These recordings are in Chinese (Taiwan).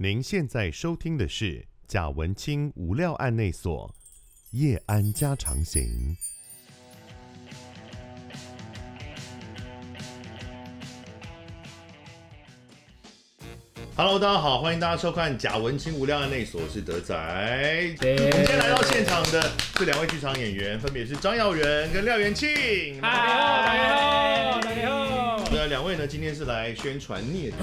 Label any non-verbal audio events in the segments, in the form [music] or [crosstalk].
您現在收聽的是《賈文青無料案內所》，夜安加長型。Hello，大家好，歡迎大家收看《賈文青無料案內所》，我是德仔。對今天來到現場的是兩位劇場演員，分別是張耀仁跟廖原慶。Hello，Hello，Hello。那兩位呢？今天是來宣傳《孽子》。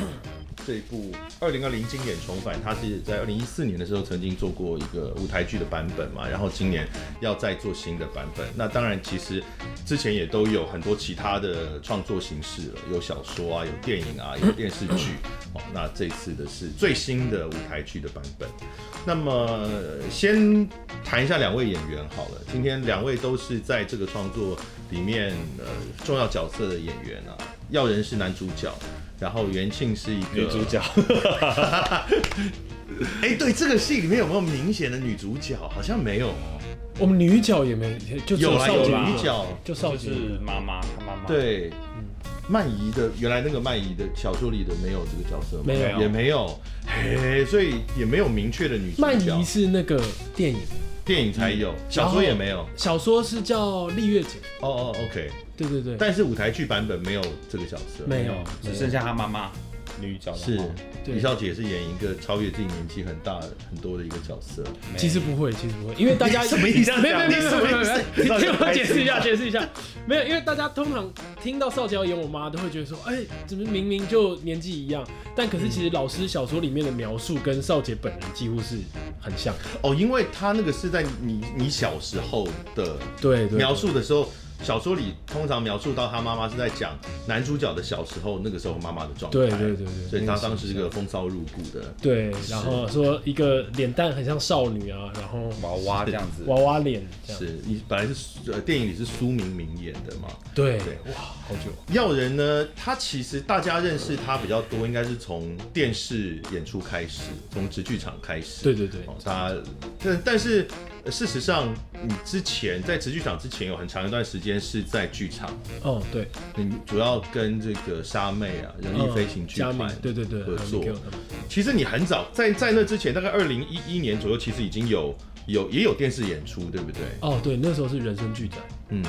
這一部二零二零經典重返，他是在二零一四年的時候曾經做過一個舞台劇的版本嘛，然後今年要再做新的版本。那當然，其實之前也都有很多其他的創作形式了，有小說啊，有電影啊，有電視劇、 [coughs] 哦。那這次的是最新的舞台劇的版本。那麼先談一下兩位演員好了，今天兩位都是在這個創作裡面呃重要角色的演員啊。耀仁是男主角，然後原慶是一個女主角。哎，對，這個戲裡面有沒有明顯的女主角？好像沒有哦、嗯。我們女角也沒，就有少有，有女角，媽媽 就，就是媽媽，她媽媽。對，嗯、曼姨的原來那個曼姨的小說裡的沒有這個角色沒有，也沒有。嘿，所以也沒有明確的女。曼姨是那個電影，電影才有，嗯、小說也沒有。小說是叫麗月姐。哦哦，OK。對對對，但是舞台劇版本沒有這個角色，沒有，只剩下他媽媽。女角是李少杰，是演一個超越自己年紀很大很多的一個角色。其實不會，其實不會，因為大家什麼意思？沒有沒有沒有沒有，你聽我解釋一下，解釋一下。沒有，因為大家通常聽到少杰要演我媽，都會覺得說，哎，怎麼明明就年紀一樣，但可是其實老師小說裡面的描述跟少杰本人幾乎是很像哦，因為他那個是在你你小時候的，對，描述的時候。小說裡通常描述到他媽媽是在講男主角的小時候，那個時候媽媽的狀態。對對對對，所以他當時是個風騷入骨的。對，是然後說一個臉蛋很像少女啊，然後娃娃這樣子，樣子娃娃臉。是你本來是呃電影裡是蘇明明演的嘛？對對，哇，好久、啊。要人呢，他其實大家認識他比較多，應該是從電視演出開始，從職劇場開始。對對對，哦、他，但但是。事實上，你之前在持劇場之前有很長一段時間是在劇場。哦，對，你主要跟這個莎妹啊、人力飛行劇團、嗯，對對合作。對對對，其實你很早在在那之前，大概二零一一年左右，其實已經有有也有電視演出，對不對？哦，對，那時候是人生劇展。嗯，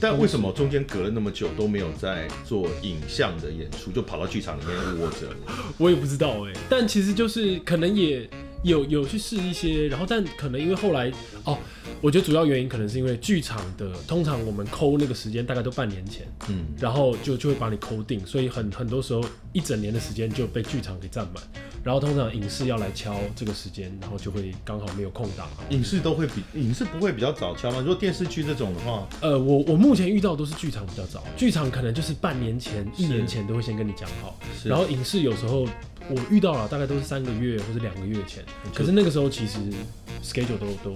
但為什麼中間隔了那麼久都沒有在做影像的演出，就跑到劇場裡面窩着？ [laughs] 我也不知道哎、欸，但其實就是可能也。有有去試一些，然後但可能因為後來哦，我覺得主要原因可能是因為劇場的，通常我們 call 那個時間大概都半年前，嗯，然後就就會把你 call 定，所以很很多時候一整年的時間就被劇場給佔滿，然後通常影視要來敲這個時間，然後就會剛好沒有空檔。影視都會比影視不會比較早敲嗎？如果電視劇這種的話，呃，我我目前遇到的都是劇場比較早，劇場可能就是半年前，是一年前都會先跟你講好，啊、然後影視有時候。我遇到了，大概都是三個月或者兩個月前。可是那個時候，其實 schedule 都都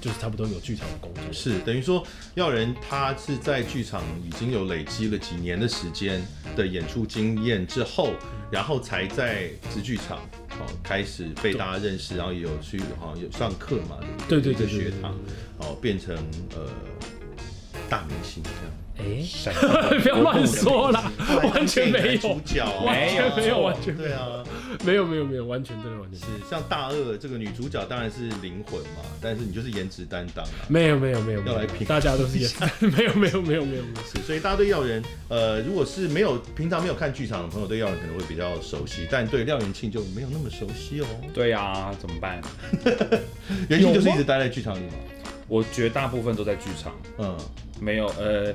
就是差不多有劇場的工作。是等於說，耀仁他是在劇場已經有累積了幾年的時間的演出經驗之後，然後才在直劇場對、哦、開始被大家認識，然後也有去好像、哦、有上課嘛，對對對、對、對、對學堂，哦、變成呃大明星這樣。哎，不要亂說啦，完全沒有，主角完全沒有，完全對啊，沒有沒有沒有，完全對，完全是像大二這個女主角當然是靈魂嘛，但是你就是顏值擔當啊，沒有沒有沒有，要來評，大家都是顏值，沒有沒有沒有沒有，是，所以大家對耀仁，呃，如果是沒有平常沒有看劇場的朋友，對耀仁可能會比較熟悉，但對廖原慶就沒有那麼熟悉哦。對啊，怎麼辦？原慶就是一直待在劇場裡嘛。我絕大部分都在劇場，嗯，沒有，呃，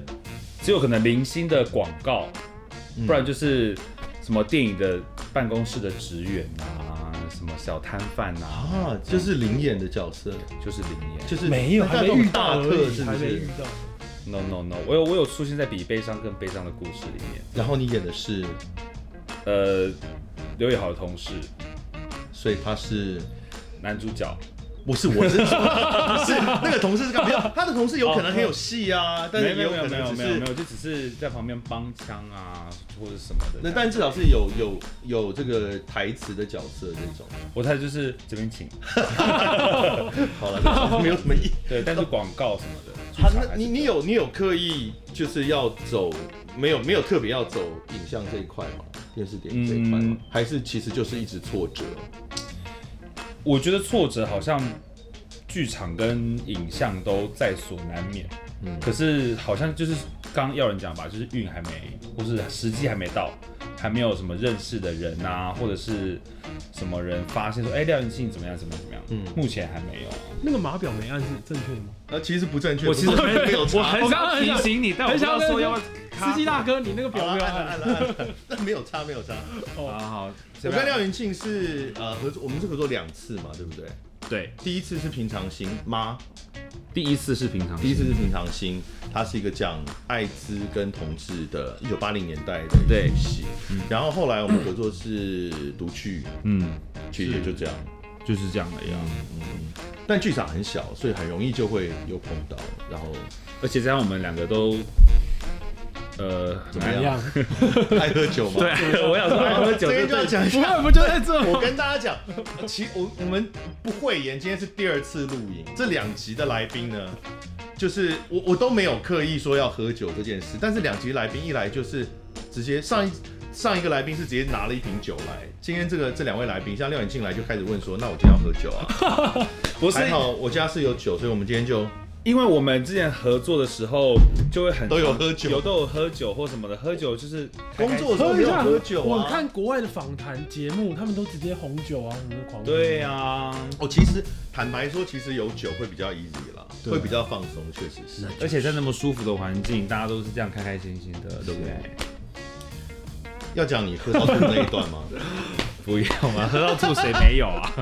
只有可能零星的廣告，嗯、不然就是什麼電影的辦公室的職員啊，什麼小攤販吶，啊，就是臨演的角色，就是臨演，就是沒有還沒遇大特且還沒遇到，沒遇到，no no no，我有我有出現在比悲傷更悲傷的故事裡面，然後你演的是，呃，劉以豪的同事，所以他是男主角。不是我，是那個同事是幹嘛？他的同事有可能很有戲啊，但是有可能沒有，沒有，就只是在旁邊幫腔啊，或者什麼的。那但至少是有有有這個台詞的角色這種。我猜就是這邊請。好了，沒有什麼意對，但是廣告什麼的。他，那你你有你有刻意就是要走，沒有沒有特別要走影像這一塊，電視電影這一塊嗎？還是其實就是一直挫折？我覺得挫折好像劇場跟影像都在所難免，嗯，可是好像就是剛剛耀仁講吧，就是運還沒，或是時機還沒到。還沒有什麼認識的人吶、啊，或者是什麼人發現說，哎、欸，廖原慶怎麼樣，怎麼樣怎麼樣？嗯，目前還沒有、啊。那個碼錶沒按是正確的嗎？那、呃、其實不正確，我其實沒有， [laughs] 沒有，我很想要提醒你， [laughs] 但我很想說，要司機大哥，你那個錶沒有沒有差沒有差、 [laughs] 啊。好好，我跟廖原慶是呃合作，我們是合作兩次嘛，對不對？對，第一次是平常心媽，第一次是平常心，第一次是平常心，嗯、它是一個講艾滋跟同志的，一九八零年代的劇集。對嗯、然後後來我們合作是讀劇，嗯，其實也就這樣，就是這樣一樣。嗯，嗯，但劇場很小，所以很容易就會又碰到。然後，而且這樣我們兩個都。呃，怎麼樣？麼樣 [laughs] 愛喝酒嗎？對，是是我想說，愛喝酒。今天就要講一下，我，我跟大家講，其我我們不諱言，今天是第二次錄影。 [laughs] 這兩集的來賓呢，就是我我都沒有刻意說要喝酒這件事，但是兩集來賓一來就是直接上一上一個來賓是直接拿了一瓶酒來。今天這個這兩位來賓，像廖原進來就開始問說，那我今天要喝酒啊？ [laughs] 不是還好，我家是有酒，所以我們今天就。因為我們之前合作的時候，就會很都有喝酒，有都有喝酒或什麼的，喝酒就是開開心工作的時候有喝酒啊。我看國外的訪談節目，他們都直接紅酒啊，喝狂。對啊，哦，其實坦白說，其實有酒會比較 easy 了，對會比較放鬆，確實是。而且在那麼舒服的環境，嗯、大家都是這樣開開心心的，對不是對？對，要講你喝到的 [laughs] 那一段嗎？ [laughs] 不用啊，喝到吐誰沒有啊？ [laughs] 好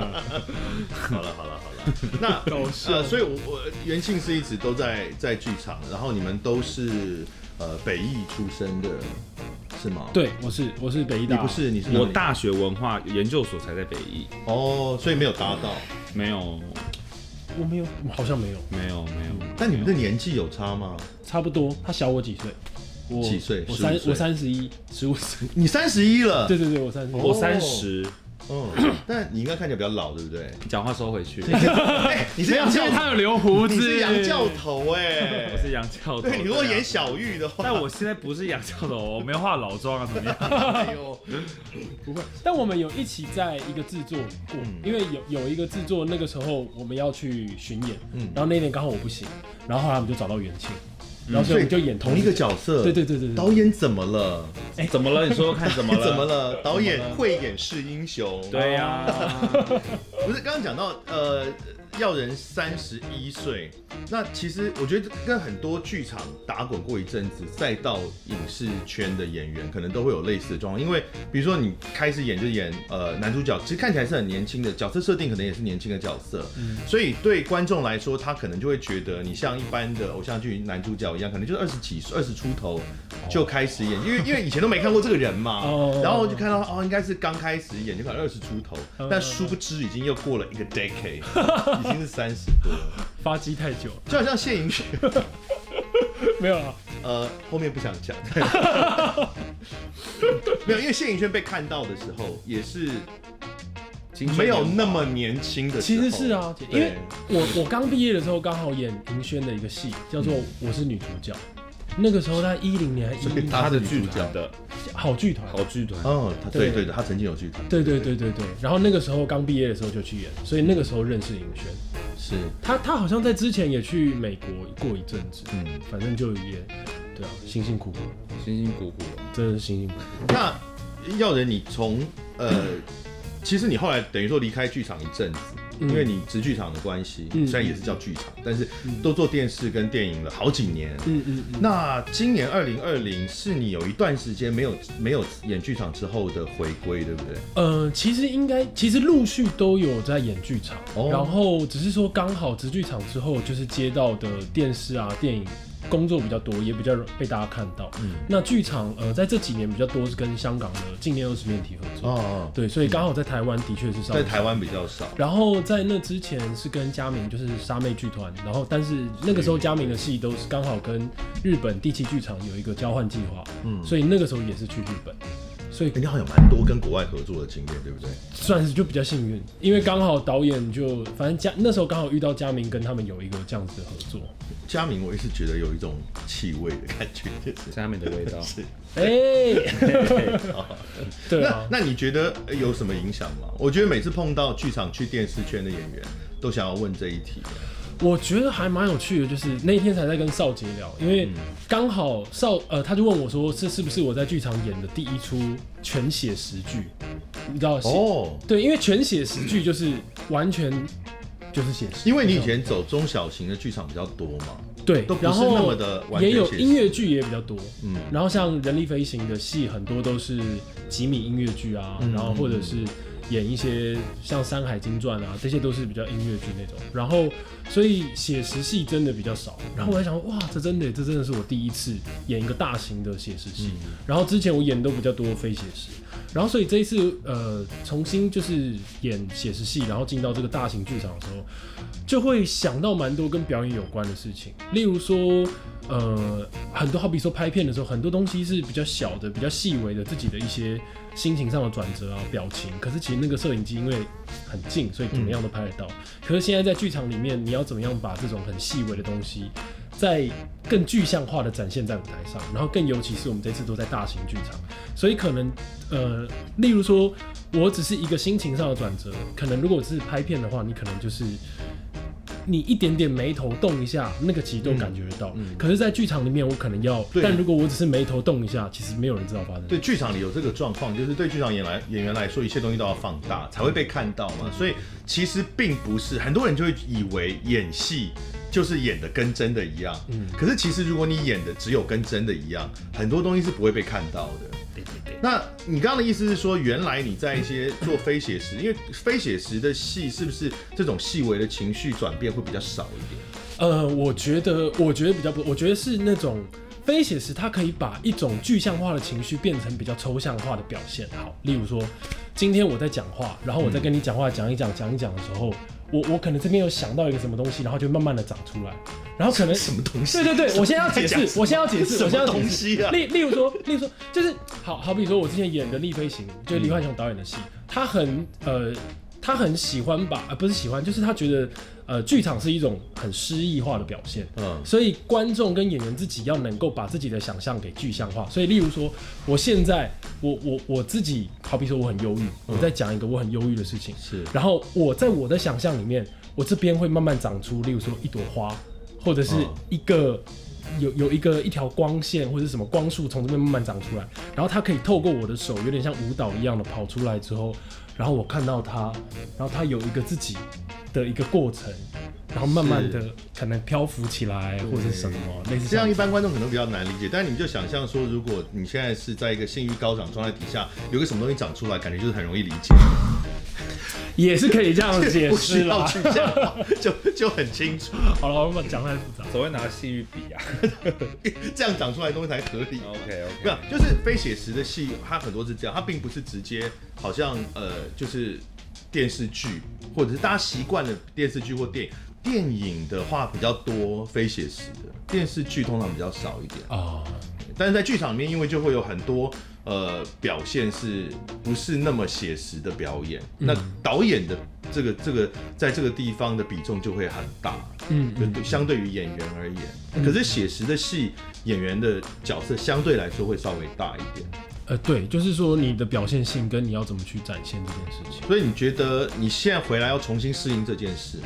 了好了好了，那都是、 [laughs] 呃、所以我，我我原慶是一直都在在劇場，然後你們都是呃北藝出身的是嗎？對，我是我是北藝大，不是你是、啊、我大學文化研究所才在北藝哦，所以沒有達到，沒有，我沒有，好像沒有，沒有沒有，沒有嗯、但你們的年紀有差嗎有？差不多，他小我幾歲。幾歲？我三，我三十一，十五歲。你三十一了？對對對，我三十。我三十。嗯，但你應該看起來比較老，對不對？你講話收回去。你是楊教頭，他有留鬍子。你是楊教頭哎。我是楊教頭。對，你如果演小玉的話。但我現在不是楊教頭，我沒有化老妝啊，怎麼樣？哎呦，不會。但我們有一起在一個制作過，因為有有一個制作，那個時候我們要去巡演，嗯，然後那一年剛好我不行，然後後來我們就找到原慶。嗯、然後所以就演同一個角色，角色對對對對，對，對導演怎麼了？哎誒，怎麼了？你說說看，怎麼了？哎、怎麼了？導演慧眼識英雄，啊。對呀，啊， [laughs] 不是剛剛講到呃。耀仁三十一歲，那其實我覺得跟很多劇場打滾過一陣子，再到影視圈的演員，可能都會有類似的狀況。因為比如說你開始演就演呃男主角，其實看起來是很年輕的，角色設定可能也是年輕的角色，嗯、所以對觀眾來說，他可能就會覺得你像一般的偶像劇男主角一樣，可能就二十幾歲、二十出頭就開始演，哦、因為因為以前都沒看過這個人嘛，哦、然後就看到哦應該是剛開始演就可能二十出頭，哦、但殊不知已經又過了一個 decade。 [laughs] 已經是三十多了，發跡太久了，就好像謝盈萱、啊，啊、 [laughs] 沒有啊。呃，後面不想講， [laughs] [laughs] 沒有，因為謝盈萱被看到的時候，也是沒有那麼年輕的。其實是啊，對因為我我剛畢業的時候，剛好演盈萱的一個戲，嗯、叫做《我是女主角》。那個時候他一零年，他的劇團的好劇團，好劇團，劇團哦，他對對的，他曾經有劇團，對對對對對。然後那個時候剛畢業的時候就去演，所以那個時候認識尹宣，嗯、是他他好像在之前也去美國過一陣子，嗯，反正就也演，對啊，辛辛苦苦，辛辛苦苦的，真的是辛辛苦。苦對。那耀仁，你從呃，其實你後來等於說離開劇場一陣子。因為你直劇場的關係，嗯、雖然也是叫劇場，嗯、但是都做電視跟電影了好幾年嗯。嗯嗯嗯。那今年二零二零是你有一段時間沒有沒有演劇場之後的回歸，對不對？嗯、呃，其實應該其實陸續都有在演劇場，哦、然後只是說剛好直劇場之後就是接到的電視啊電影。工作比較多，也比較被大家看到。嗯，那劇場呃，在這幾年比較多是跟香港的《進念‧二十面體》合作。哦哦對，所以剛好在台灣的確是少少，嗯，在台灣比較少。然後在那之前是跟嘉明，就是莎妹劇團。然後但是那個時候嘉明的戲都是剛好跟日本第七劇場有一個交換計劃。嗯，所以那個時候也是去日本。所以，肯定、欸、好像蠻多跟國外合作的經驗，對不對？算是就比較幸運，因為剛好導演就反正嘉那時候剛好遇到嘉明，跟他們有一個這樣子的合作。嘉明，我一直覺得有一種氣味的感覺，就嘉明的味道。是，哎，對啊那。那你覺得有什麼影響嗎？我覺得每次碰到劇場去電視圈的演員，都想要問這一題。我覺得還蠻有趣的，就是那一天才在跟少杰聊，因為剛好少呃他就問我說，是是不是我在劇場演的第一出全寫實劇？你知道寫哦，對，因為全寫實劇就是完全就是寫實。因為你以前走中小型的劇場比較多嘛，對，都不是那麼的完全，也有音樂劇也比較多，嗯，然後像《人力飛行》的戲很多都是幾米音樂劇啊，嗯、然後或者是。演一些像《山海經傳》啊，這些都是比較音樂劇那種。然後，所以寫實戲真的比較少。然後我還想，哇，這真的，這真的是我第一次演一個大型的寫實戲。嗯、然後之前我演都比較多非寫實。然後所以這一次，呃，重新就是演寫實戲，然後進到這個大型劇場的時候，就會想到蠻多跟表演有關的事情。例如說，呃，很多好比說拍片的時候，很多東西是比較小的、比較細微的自己的一些。心情上的轉折啊，表情，可是其實那個攝影機因為很近，所以怎麼樣都拍得到。嗯、可是現在在劇場裡面，你要怎麼樣把這種很細微的東西，再更具象化的展現在舞台上？然後更尤其是我們這次都在大型劇場，所以可能呃，例如說我只是一個心情上的轉折，可能如果是拍片的話，你可能就是。你一點點眉頭動一下，那個其實都感覺得到。嗯，可是，在劇場裡面，我可能要。對，但如果我只是眉頭動一下，其實沒有人知道發生。對，劇場裡有這個狀況，就是對劇場演來，演員來說，一切東西都要放大，嗯，才會被看到嘛。嗯，所以，其實並不是很多人就會以為演戲就是演的跟真的一樣。嗯，可是其實如果你演的只有跟真的一樣，很多東西是不會被看到的。那你剛剛的意思是說，原來你在一些做非寫實，因為非寫實的戲是不是這種細微的情緒轉變會比較少一點？呃，我覺得，我覺得比較不，我覺得是那種非寫實，它可以把一種具象化的情緒變成比較抽象化的表現。好，例如說，今天我在講話，然後我在跟你講話，講一講，嗯，講一講的時候。我我可能這邊有想到一個什麼東西，然後就慢慢的長出來，然後可能什麼東西？對對對，麼我先要解釋，麼我先要解釋，首麼先要解釋啊。解例 [laughs] 例如說，例如說，就是好好比說我之前演的《力飛行》嗯，就黎煥雄導演的戲，他很呃。他很喜歡把，而、呃、不是喜歡，就是他覺得，呃，劇場是一種很詩意化的表現。嗯。所以觀眾跟演員自己要能夠把自己的想象給具象化。所以，例如說，我現在，我我我自己，好比說我很憂鬱，嗯、我再講一個我很憂鬱的事情。是。然後我在我的想象裡面，我這邊會慢慢長出，例如說一朵花，或者是一個、嗯、有有一個一條光線或者什麼光束從這邊慢慢長出來，然後他可以透過我的手，有點像舞蹈一樣的跑出來之後。然後我看到他，然後他有一個自己的一個過程，是然後慢慢的可能漂浮起來對或者是什麼對類似這樣，一般觀眾可能比較難理解。但是你就想象說，如果你現在是在一個性欲高漲狀態底下，有個什麼東西長出來，感覺就是很容易理解。 [laughs] 也是可以這樣解釋，不需要去講， [laughs] [laughs] 就就很清楚。 [laughs] 好了，我們講太複雜，所謂拿戲劇比啊， [laughs] 這樣講出來的東西才合理。OK OK，沒有，就是非寫實的戲，它很多是這樣，它並不是直接，好像呃，就是電視劇或者是大家習慣的電視劇或電影，電影的話比較多，非寫，非寫實的電視劇通常比較少一點哦，oh. 但是在劇場裡面，因為就會有很多。呃，表現是不是那麼寫實的表演？嗯、那導演的這個這個在這個地方的比重就會很大，嗯，嗯，就相對於演員而言。嗯嗯，可是寫實的戲，演員的角色相對來說會稍微大一點。呃，對，就是說你的表現性跟你要怎麼去展現這件事情。所以你覺得你現在回來要重新適應這件事嗎？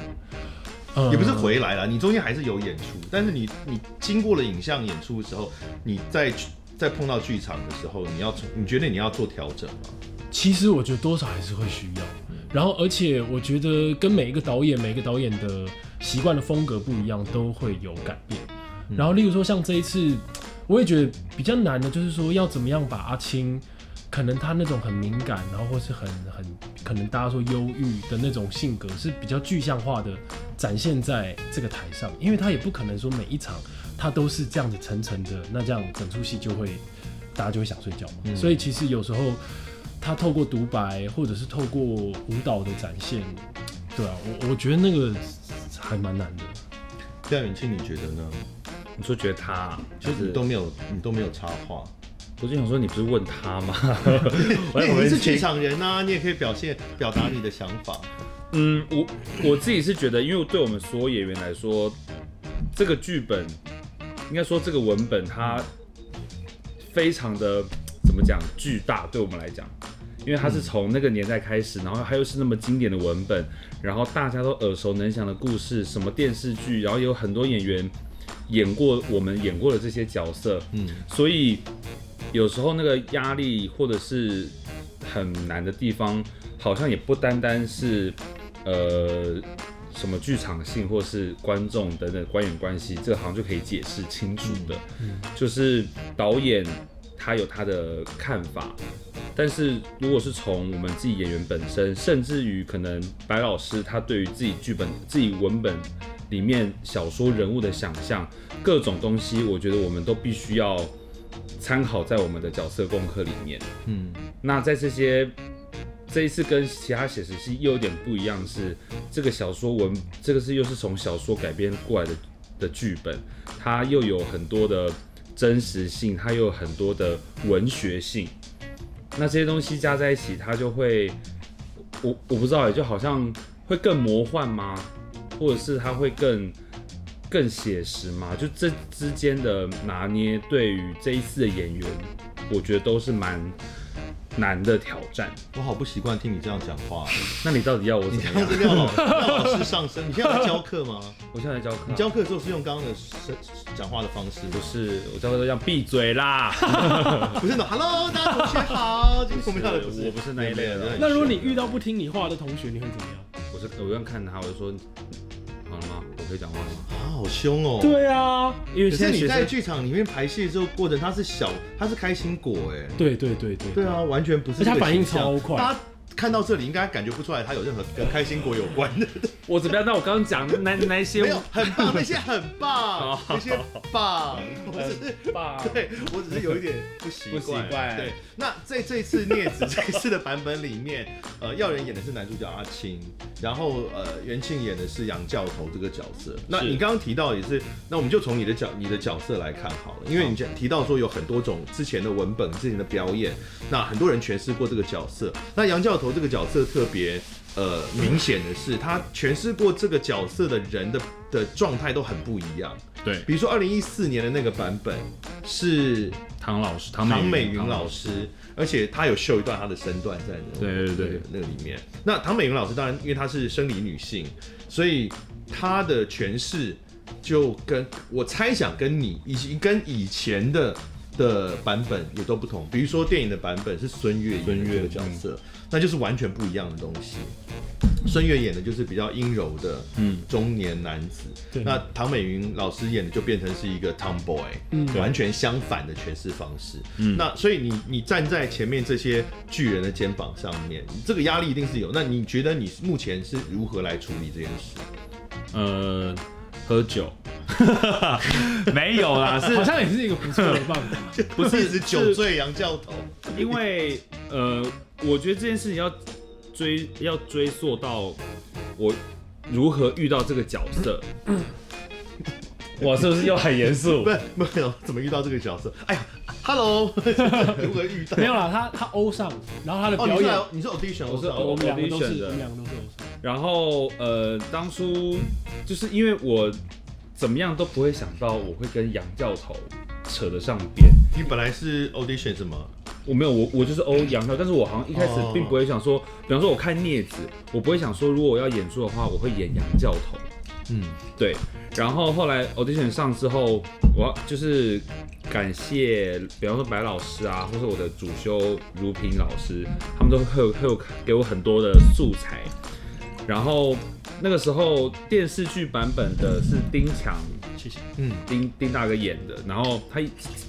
嗯、也不是回來了，你中間還是有演出，但是你你經過了影像演出的時候，你在。在碰到劇場的時候，你要做，你覺得你要做調整嗎？其實我覺得多少還是會需要，然後而且我覺得跟每一個導演、每一個導演的習慣的風格不一樣，都會有改變。嗯、然後例如說像這一次，我也覺得比較難的，就是說要怎麼樣把阿青，可能他那種很敏感，然後或是很很可能大家說憂鬱的那種性格，是比較具象化的展現在這個台上，因為他也不可能說每一場。他都是這樣子層層的，那這樣整出戲就會，大家就會想睡覺嘛。嗯、所以其實有時候他透過獨白，或者是透過舞蹈的展現，對啊，我我覺得那個還蠻難的。廖原慶，你覺得呢？你說覺得他其、啊、實是都沒有，你都沒有插話。我就想說：“你不是問他嗎？你是劇場人啊，你也可以表現、嗯、表達你的想法。”嗯，我我自己是覺得，因為對我們所有演員來說，這個劇本。應該說這個文本它非常的怎麼講巨大，對我們來講，因為它是從那個年代開始，然後它又是那麼經典的文本，然後大家都耳熟能詳的故事，什麼電視劇，然後有很多演員演過我們演過的這些角色，嗯，所以有時候那個壓力或者是很難的地方，好像也不單單是呃。什麼劇場性或是觀眾等等關員關係，這個好像就可以解釋清楚的。嗯，就是導演他有他的看法，但是如果是從我們自己演員本身，甚至於可能白老師他對於自己劇本、自己文本裡面小說人物的想象，各種東西，我覺得我們都必須要參考在我們的角色功課裡面。嗯，那在這些。這一次跟其他寫實戲又有點不一樣是，是這個小說文，這個是又是從小說改編過來的的劇本，它又有很多的真實性，它又有很多的文學性，那這些東西加在一起，它就會，我我不知道也、欸、就好像會更魔幻嗎？或者是它會更更寫實嗎？就這之間的拿捏，對於這一次的演員，我覺得都是蠻。難的挑戰，我好不習慣聽你這樣講話、啊。 [laughs] 那你到底要我怎麼樣？讓老， [laughs] 老師上身？你現在在教課嗎？我現在在教課。你教課的時候是用剛剛的聲講話的方式。不是，我教課都要閉嘴啦。 [laughs] 不是那種 Hello 大家同學好， [laughs] 今天我們教的不不我不是那一類的。嗯、那，很那如果你遇到不聽你話的同學，你會怎麼樣？我就我用看他，我就說。好了嗎？我可以講話了嗎？啊，好兇哦、喔！對啊，因為是可是你在劇場裡面排戲的這個過程，他是小，他是開心果哎，對對對，對對對對，對啊，完全不是，而且他反應超快。看到這裡應該感覺不出來他有任何跟開心果有關的。 [laughs] 我怎麼樣？那我剛剛講的那那些我 [laughs] 沒有很棒，那些很棒， [laughs] 那些棒， [laughs] 我只是棒，對，我只是有一點不習慣。 [laughs] 不習慣。對，那在這次孽子這次的版本裡面， [laughs] 呃，耀仁演的是男主角阿青，然後呃，原慶演的是楊教頭這個角色。是那你剛剛提到也是，那我們就從你的角你的角色來看好了，因為你提到說有很多種之前的文本、之前的表演，那很多人詮釋過這個角色，那楊教頭。這個角色特別呃明顯的是，他詮釋過這個角色的人的的狀態都很不一樣。對，比如說二零一四年的那個版本是唐老師，唐美雲老師，而且他有秀一段他的身段在那個、那個。對對對，那個裡面，那唐美雲老師當然因為她是生理女性，所以她的詮釋就跟我猜想跟你以及跟以前的的版本也都不同。比如說電影的版本是孫越，孫越的角色。嗯嗯那就是完全不一樣的東西。孫越演的就是比較陰柔的中年男子，嗯、那唐美云老師演的就變成是一個 tomboy，嗯、完全相反的詮釋方式。嗯、那所以你你站在前面這些巨人的肩膀上面，這個壓力一定是有。那你覺得你目前是如何來處理這件事？呃，喝酒， [laughs] 沒有啦， [laughs] 好像也是一個不錯的棒子 [laughs] 不是是酒醉楊教頭，因為呃。我覺得這件事情要追，要追溯到我如何遇到這個角色。 [laughs] 哇，是不是又很嚴肅？ [laughs] 不沒有，怎麼遇到這個角色？哎呀，Hello， [laughs] 如何遇到？沒有啦。他他歐上，然後他的表演哦，你是你是 audition，我是 audition 我是，的我們兩個都是歐上。的然後呃，當初、嗯、就是因為我怎麼樣都不會想到我會跟楊教頭扯得上邊。你本來是 audition 什麼？我沒有我我就是歐陽的，但是我好像一開始並不會想說，oh. 比方說我看孽子，我不會想說如果我要演出的話，我會演楊教頭，嗯，對。然後後來 audition 上之後，我就是感謝比方說白老師啊，或是我的主修如平老師，他們都會有會有給我很多的素材。然後那個時候電視劇版本的是丁強。謝謝。嗯，丁丁大哥演的，然後他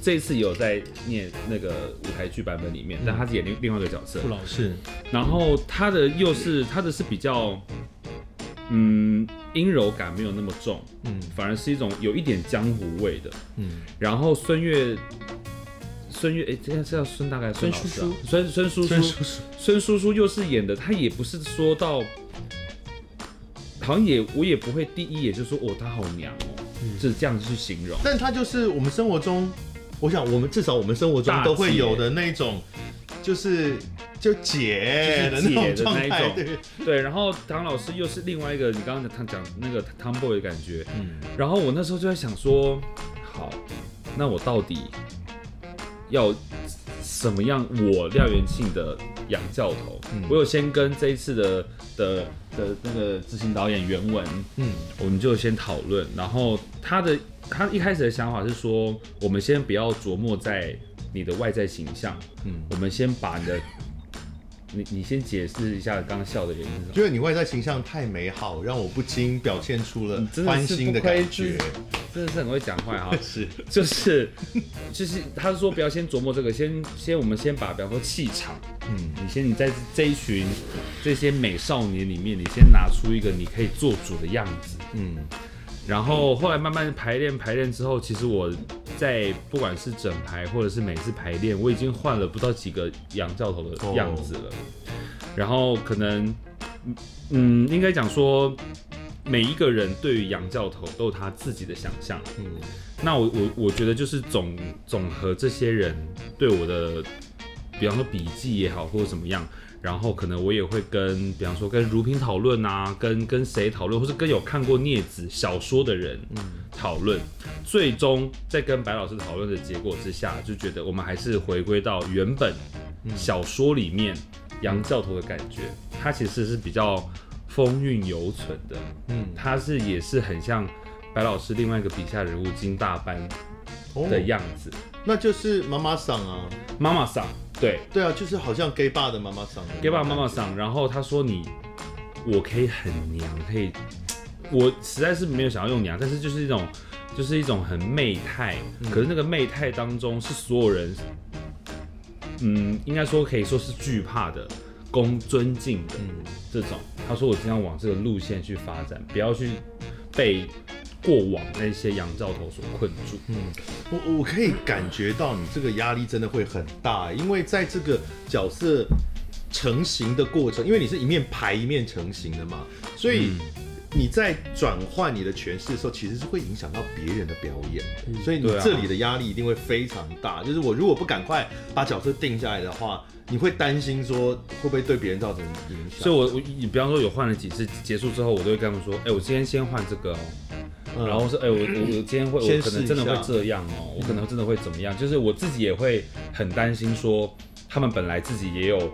這一次有在念那個舞台劇版本裡面，但他是演另另外一個角色。傅、嗯、老師。然後他的又是他的是比較，嗯，陰柔感沒有那麼重，嗯，反而是一種有一點江湖味的，嗯。然後孫悅，孫悅，哎，這樣這叫孫大概孫老師、啊。孫孫叔叔，孫叔叔，孫叔叔又是演的，他也不是說到，好像也我也不會第一眼就說哦，他好娘、哦。就是這樣子去形容、嗯，但他就是我們生活中，我想我們至少我們生活中都會有的那種，姐就是就解解的，的那一種，對，對。然後唐老師又是另外一個，你剛剛講他講那個 Tomboy 的感覺。嗯、然後我那時候就在想說，好，那我到底要什麼樣我、嗯？我廖原慶的。楊教頭，嗯，我有先跟這一次的的的，的那個執行導演袁文，嗯，我們就先討論，然後他的他一開始的想法是說，我們先不要琢磨在你的外在形象，嗯，我們先把你的。你你先解釋一下剛笑的原因，因為你外在形象太美好，讓我不禁表現出了歡欣的感覺。真的是很會講話啊！是，是是哦、 [laughs] 是就是，就是，他是說不要先琢磨這個，先先我們先把，比方說氣場，嗯，你先你在這一群這些美少年裡面，你先拿出一個你可以做主的樣子，嗯。然後後來慢慢排練，排練之後，其實我在不管是整排或者是每次排練，我已經換了不到幾個楊教頭的樣子了。Oh. 然後可能，嗯，應該講說，每一個人對於楊教頭都有他自己的想象嗯，那我我我覺得就是總總和這些人對我的，比方說筆記也好或者怎麼樣。然後可能我也會跟，比方說跟如萍討論啊，跟跟誰討論，或是跟有看過孽子小說的人討論。嗯、最終在跟白老師討論的結果之下，就覺得我們還是回歸到原本小說裡面楊教頭的感覺，嗯、他其實是比較風韻猶存的。嗯，他是也是很像白老師另外一個筆下人物金大班的樣子。哦、那就是媽媽桑啊，媽媽桑。對對啊，就是好像 gay 爸的媽媽桑，gay 爸的媽媽桑，然後他說你，我可以很娘，可以，我實在是沒有想要用娘，但是就是一種，就是一種很媚態，嗯、可是那個媚態當中是所有人，嗯，應該說可以說是懼怕的，恭尊敬的、嗯、這種。他說我盡量往這個路線去發展，不要去被。過往那些洋兆頭所困住。嗯，我我可以感覺到你這個壓力真的會很大，因為在這個角色成型的過程，因為你是一面排一面成型的嘛，所以。嗯你在轉換你的詮釋的時候，其實是會影響到別人的表演的，所以你這裡的壓力一定會非常大。嗯啊、就是我如果不趕快把角色定下來的話，你會擔心說，會不會對別人造成影響。所以我我你比方說有換了幾次，結束之後我都會跟他們說，哎、欸，我今天先換這個哦，嗯、然後說，哎、欸，我我我今天會，我可能真的會這樣哦，我可能真的會怎麼樣？嗯、就是我自己也會很擔心說。他們本來自己也有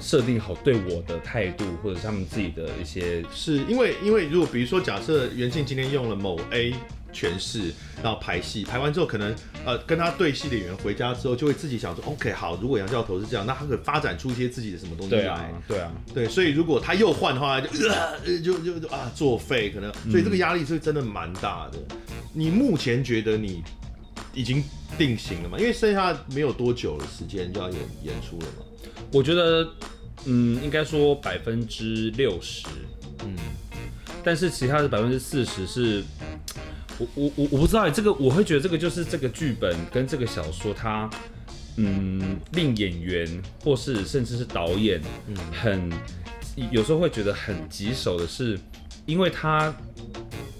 設定好對我的態度，或者是他們自己的一些，是因為因為如果比如說假設原慶今天用了某 A 詮釋，然後排戲排完之後，可能呃跟他對戲的演員回家之後就會自己想說、嗯、，OK 好，如果楊教頭是這樣，那他可發展出一些自己的什麼東西來、啊，對啊，對啊，對，所以如果他又換的話，就、呃、就就啊作廢，可能，所以這個壓力是真的蠻大的。嗯、你目前覺得你已經？定型了嘛？因為剩下沒有多久的時間就要演演出了嘛。我覺得，嗯，應該說百分之六十，嗯，但是其他的百分之四十是，我我我我不知道，這個，我會覺得這個就是這個劇本跟這個小說，它，嗯，令演員或是甚至是導演，嗯，很有時候會覺得很棘手的是，因為他。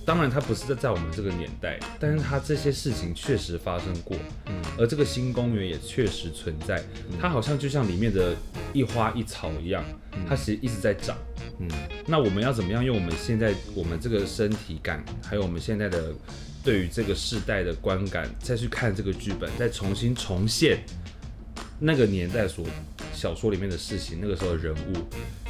當然，它不是在在我們這個年代，但是它這些事情確實發生過，嗯、而這個新公園也確實存在，它、嗯、好像就像裡面的一花一草一樣，它其實一直在長。嗯，嗯，那我們要怎麼樣用我們現在我們這個身體感，還有我們現在的對於這個世代的觀感，再去看這個劇本，再重新重現？那個年代所小說裡面的事情，那個時候的人物，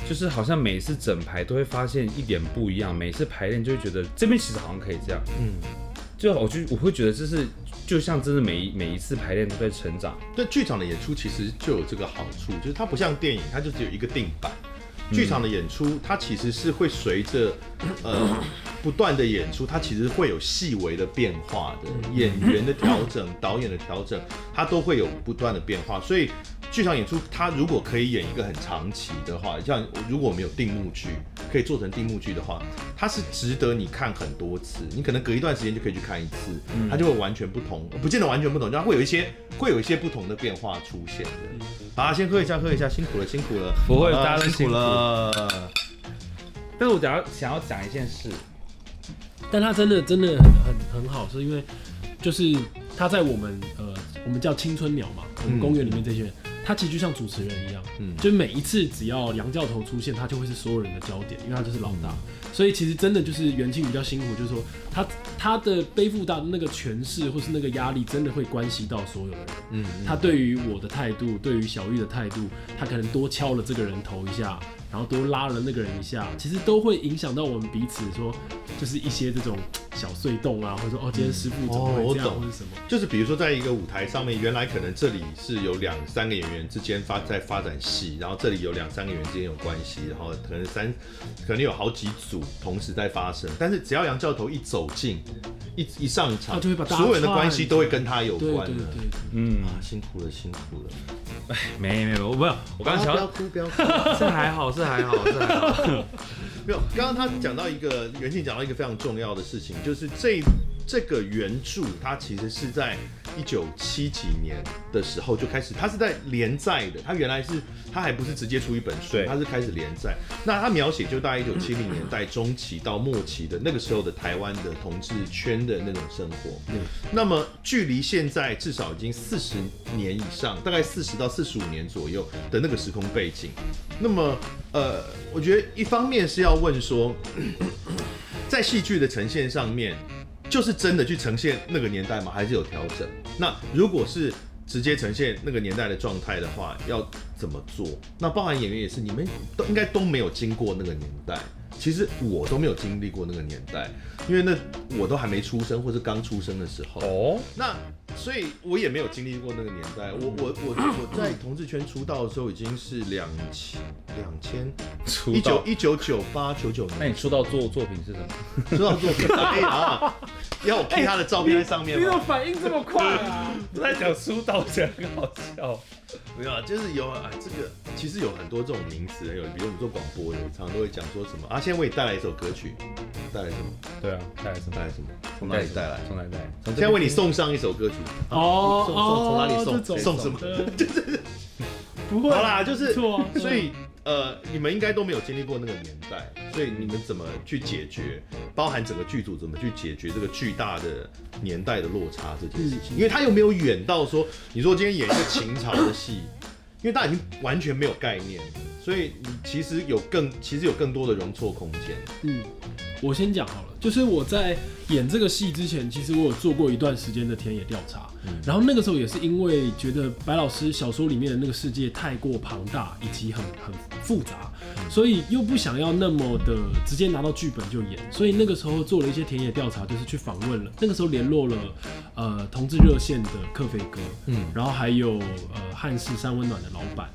就是好像每次整排都會發現一點不一樣，每次排練就會覺得這邊其實好像可以這樣，嗯，最後我就我會覺得這是就像真的每一每一次排練都在成長，對，劇場的演出其實就有這個好處，就是它不像電影，它就只有一個定版。劇場的演出，它其實是會隨着呃不斷的演出，它其實會有細微的變化的，演員的調整、導演的調整，它都會有不斷的變化。所以劇場演出，它如果可以演一個很長期的話，像如果我們有定目劇，可以做成定目劇的話，它是值得你看很多次。你可能隔一段時間就可以去看一次，它就會完全不同，不見得完全不同，但會有一些會有一些不同的變化出現的。好、啊，先喝一下，嗯、喝一下，喝一下，辛苦了，辛苦了，不會、嗯，哇，大家都辛苦了。辛苦了。但是我等下想要講一件事，但他真的真的很很很好，是因為，就是他在我們呃，我們叫青春鳥嘛，我們公園裡面這些人。嗯他其實就像主持人一樣，嗯，就每一次只要楊教頭出現，他就會是所有人的焦點，因為他就是老大。所以其實真的就是原慶比較辛苦，就是說他他的背負的那個權勢或是那個壓力，真的會關係到所有人。嗯，他對於我的態度，對於小玉的態度，他可能多敲了這個人頭一下。然後都拉了那個人一下，其實都會影響到我們彼此說。說就是一些這種小碎動啊，或者說哦、喔，今天師傅怎麼會這樣，嗯哦、是就是比如說在一個舞台上面，原來可能這裡是有兩三個演員之間發在發展戲，然後這裡有兩三個演員之間有關係，然後可能三，可能有好幾組同時在發生。但是只要楊教頭一走近，一一上一場，啊、就會把所有人的關係就都會跟他有關了。嗯啊，辛苦了，辛苦了。哎，沒沒,我沒有，我剛想，剛剛不要哭，不要哭，這 [laughs] 還好是。 [laughs] 這還好，這還好，沒有。剛剛他講到一個原慶講到一個非常重要的事情，就是這。這個原著它其實是在一九七幾年的時候就開始，它是在連載的。它原來是它還不是直接出一本書，它是開始連載。那它描寫就大概一九七零年代中期到末期的那個時候的台灣的同志圈的那種生活。嗯、那麼距離現在至少已經四十年以上，大概四十到四十五年左右的那個時空背景。那麼呃，我覺得一方面是要問說，在戲劇的呈現上面。就是真的去呈現那個年代嗎？還是有調整？那如果是直接呈現那個年代的狀態的話，要怎麼做？那包含演員也是，你們都，應該都沒有經過那個年代。其實我都沒有經歷過那個年代，因為那我都還沒出生或是剛出生的時候。哦，那所以，我也沒有經歷過那個年代。我我我我在同志圈出道的時候已經是兩千兩千，一九一九九八九九年。那、欸、你出道做作品是什麼？出道作品？ [laughs] 欸啊、要我 P 他的照片在上面嗎、欸你？你有反應這麼快、啊？ [laughs] 我在講，出道，覺得很好笑。沒有、啊，就是有啊、哎。這個其實有很多這種名詞，有，比如你做廣播的，常常都會講說什麼啊。現在為你帶來一首歌曲，帶來什麼？對啊，帶來什麼？帶來什麼？從哪裡帶來？從哪裡帶來？從哪裡帶來，從現在為你送上一首歌曲。啊、哦送，送從哪裡送？哦、送什麼？呃、 [laughs] 就是不會 [laughs] 好啦，就是錯，錯 [laughs] 所以。呃，你們應該都沒有經歷過那個年代，所以你們怎麼去解決？包含整個劇組怎麼去解決這個巨大的年代的落差這件事情，嗯、因為他又沒有遠到說，你說今天演一個秦朝的戲，呃呃、因為大家已經完全沒有概念了，所以你其實有更，其實有更多的容錯空間。嗯，我先講好了。就是我在演這個戲之前，其實我有做過一段時間的田野調查，嗯、然後那個時候也是因為覺得白老師小說裡面的那個世界太過龐大以及很很複雜，嗯、所以又不想要那麼的直接拿到劇本就演，所以那個時候做了一些田野調查，就是去訪問了。那個時候聯絡了呃同志熱線的克菲哥，嗯，然後還有呃漢士三溫暖的老板，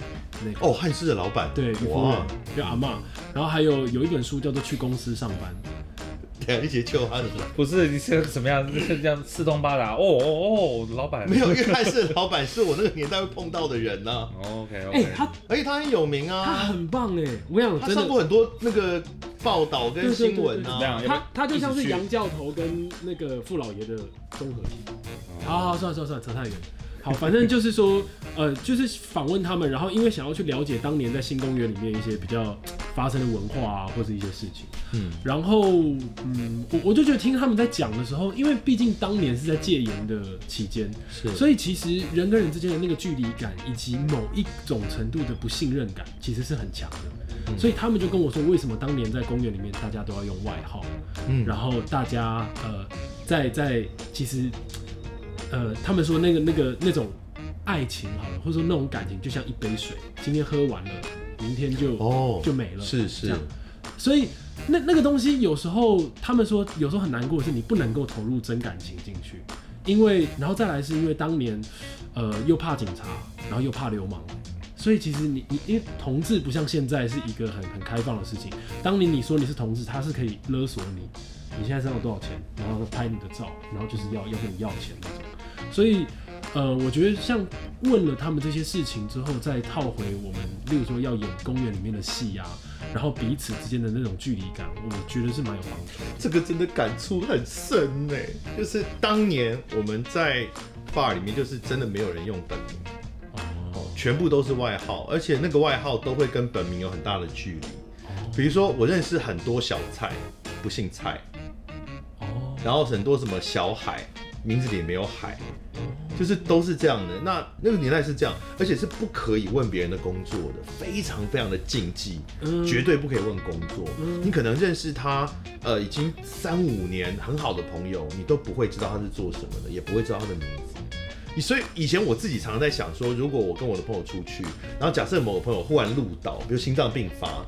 那個哦漢士的老板對我就哇阿媽，然後還有有一本書叫做去公司上班。一起、哎、救他的，不是，不是你是怎麼樣？是這樣四通八達哦哦哦，老闆沒有，一開始老闆 [laughs] 是我那個年代會碰到的人呢、啊。Oh, OK，哎、okay. 欸，他，而且，欸、他很有名啊，他很棒哎，我想他上過的很多那個報道跟新聞啊，對對對對他他就像是楊教頭跟那個傅老爺的綜合體。好好、哦，算了算了算了，扯、啊啊啊、太遠。好，反正就是說， [laughs] 呃，就是訪問他們，然後因為想要去了解當年在新公園裡面一些比較發生的文化啊，或是一些事情。嗯，然後，嗯，我我就覺得聽他們在講的時候，因為畢竟當年是在戒嚴的期間，是，所以其實人跟人之間的那個距離感以及某一種程度的不信任感其實是很強的。嗯，所以他們就跟我說，為什麼當年在公園裡面大家都要用外號，嗯，然後大家呃，在在其實。呃，他們說那個那個那種愛情好了，或者說那種感情，就像一杯水，今天喝完了，明天就、哦、就沒了，是是。這樣，所以那那個東西有時候他們說有時候很難過的是你不能夠投入真感情進去，因為，然後再來是因為當年，呃，又怕警察，然後又怕流氓，所以其實你你因為同志不像現在是一個很很開放的事情，當年你說你是同志，他是可以勒索你，你現在身上有多少錢，然後拍你的照，然後就是要要跟你要錢那種。所以，呃，我覺得像問了他們這些事情之後，再套回我們，例如說要演公園裡面的戲啊，然後彼此之間的那種距離感，我覺得是蠻有幫助的。這個真的感觸很深呢，就是當年我們在 Far 裡面，就是真的沒有人用本名，哦。Uh-huh. 全部都是外號，而且那個外號都會跟本名有很大的距離。Uh-huh. 比如說，我認識很多小蔡，不姓蔡，哦。Uh-huh. 然後很多什麼小海。名字裡沒有海，就是都是這樣的。那那個年代是這樣，而且是不可以問別人的工作的，非常非常的禁忌，絕對不可以問工作。嗯、你可能認識他，呃，已經三五年很好的朋友，你都不會知道他是做什麼的，也不會知道他的名字。所以以前我自己常常在想說，如果我跟我的朋友出去，然後假設某個朋友忽然路倒，比如心臟病發，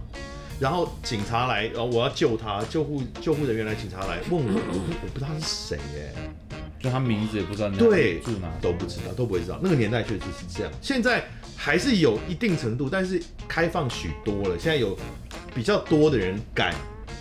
然後警察來，然後我要救他，救護救護人員來，警察來問我，我，我不知道他是誰耶、欸。就他名字也不知道，對，住哪都不知道，都不會知道。那個年代確實是這樣。現在還是有一定程度，但是開放許多了。現在有比較多的人敢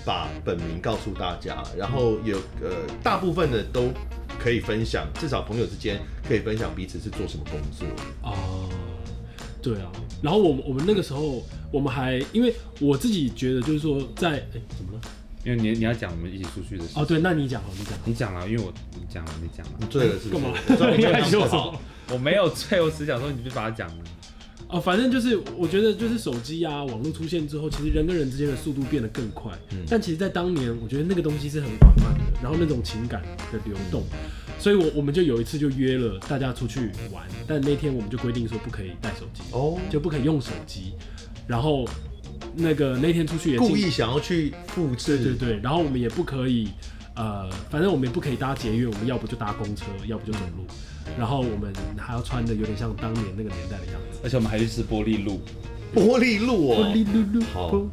把本名告訴大家，然後有呃大部分的都可以分享，至少朋友之間可以分享彼此是做什麼工作哦，uh, 對啊。然後我們我們那個時候，我們還因為我自己覺得就是說在，哎怎麼了？因為你你要講我們一起出去的事哦，對，那你講好，你講，你講了，因為我你講了，你講了，你醉了對是幹嘛？對，開始我我沒有醉，我只是想說你就把它講了。哦，反正就是我覺得就是手機啊，網絡出現之後，其實人跟人之間的速度變得更快。嗯。但其實，在當年，我覺得那個東西是很緩慢的，然後那種情感的流動，所以我我們就有一次就約了大家出去玩，但那天我們就規定說不可以帶手機哦，就不可以用手機，然後。那個那天出去也故意想要去複製，對對對，然後我們也不可以，呃，反正我們也不可以搭捷運，我們要不就搭公車，要不就走路，然後我們還要穿的有點像當年那個年代的樣子，而且我們還去吃波麗路，波麗路哦，波麗路路，好，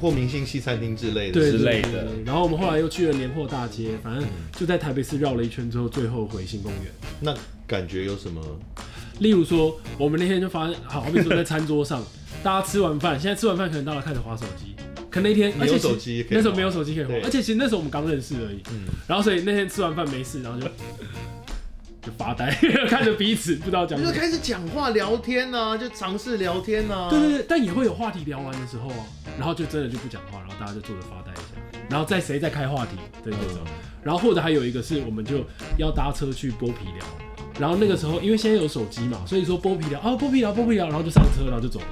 或明星西餐廳之類的對對對對，之類的，然後我們後來又去了年貨大街，反正就在台北市繞了一圈之後，最後回新公園，嗯、那感覺有什麼？例如說，我們那天就發現，好，比如說在餐桌上， [laughs] 大家吃完飯，現在吃完飯可能大家開始滑手機，可那天，沒有手機，那時候沒有手機可以滑，對而且其實那時候我們剛認識而已，嗯，然後所以那天吃完飯沒事，然後就就發呆， [laughs] 看着彼此，不知道講什麼，就開始講話聊天呢、啊，就嘗試聊天呢、啊，對對對，但也會有話題聊完的時候、啊，然後就真的就不講話，然後大家就坐着發呆一下，然後在誰在開話題，對對對，嗯、然後或者還有一個是我們就要搭車去剝皮寮。然後那個時候，因為現在有手機嘛，所以說剝皮寮啊，剝皮寮，剝皮寮，然後就上車，然後就走了。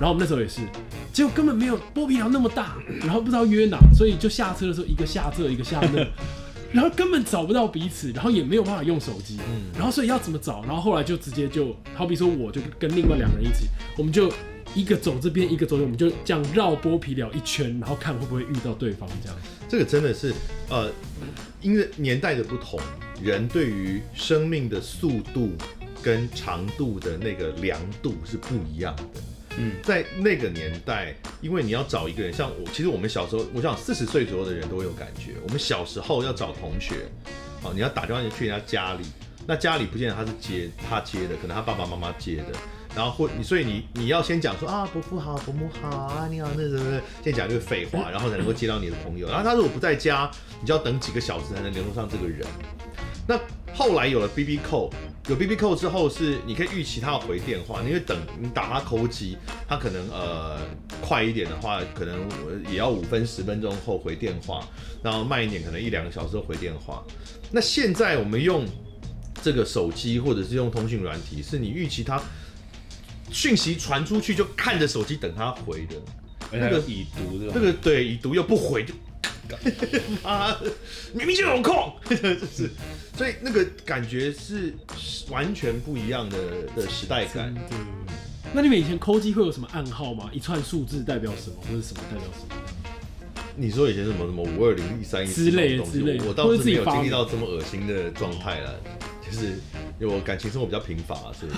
然後我們那時候也是，結果根本沒有剝皮寮那麼大，然後不知道約哪，所以就下車的時候一個下這一個下那，然後根本找不到彼此，然後也沒有辦法用手機，嗯，然後所以要怎麼找？然後後來就直接就好比說，我就跟另外兩個人一起，我們就。一個走這邊，一個走這邊，我們就這樣繞剝皮寮一圈，然後看會不會遇到對方。這樣，這個真的是呃，因為年代的不同，人對於生命的速度跟長度的那個量度是不一樣的。嗯，在那個年代，因為你要找一個人，像我，其實我們小時候，我想四十歲左右的人都會有感覺。我們小時候要找同學，好、呃，你要打電話去人家家裡，那家裡不見得他是接，他接的，可能他爸爸媽媽接的。然後你，所以你你要先講說啊伯父好，伯母好，啊你好，那什麼什先講這個廢話，然後才能夠接到你的朋友。然後他如果不在家，你就要等幾個小時才能聯絡上這個人。那後來有了 BB Call，有 BB Call 之後是你可以預期他要回電話，你會等你打他 Call 機，他可能呃快一點的話，可能我也要五分十分鐘後回電話，然後慢一點可能一兩個小時後回電話。那現在我們用這個手機或者是用通訊軟體，是你預期他。訊息傳出去就看着手機等他回的，那個已讀、欸那個、的，那個對已讀又不回就，媽的，明明就有空 [laughs] 是，所以那個感覺是完全不一樣的的時代感。那你們以前摳機會有什麼暗號嗎？一串數字代表什麼，或者什麼代表什麼？你說以前什麼什麼五二零一三一四之類的東西，我倒是沒有經歷到這麼噁心的狀態了。哦就是因為我感情生活比較貧乏，所以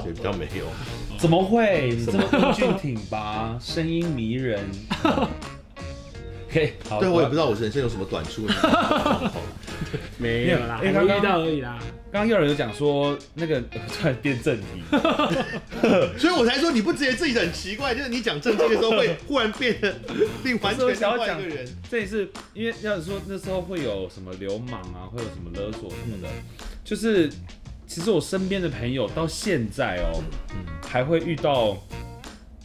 所以比較沒有。 [laughs] 怎麼會？嗯、你這麼英俊挺拔， [laughs] 聲音迷人。 [laughs] 嗯可、okay, 對，我也不知道我人生有什麼短處。 [laughs] 沒，沒有了啦，剛剛遇到而已啦。剛剛耀仁有講說那個突然變正題， [laughs] [laughs] 所以我才說，你不覺得自己很奇怪？就是你講正經的時候會忽然變得然變得 [laughs] 完全另外一個人。 [laughs] 想要講這也是因為，要是說那時候會有什麼流氓啊，會有什麼勒索什麼的，就是其實我身邊的朋友到現在哦，嗯嗯、還會遇到。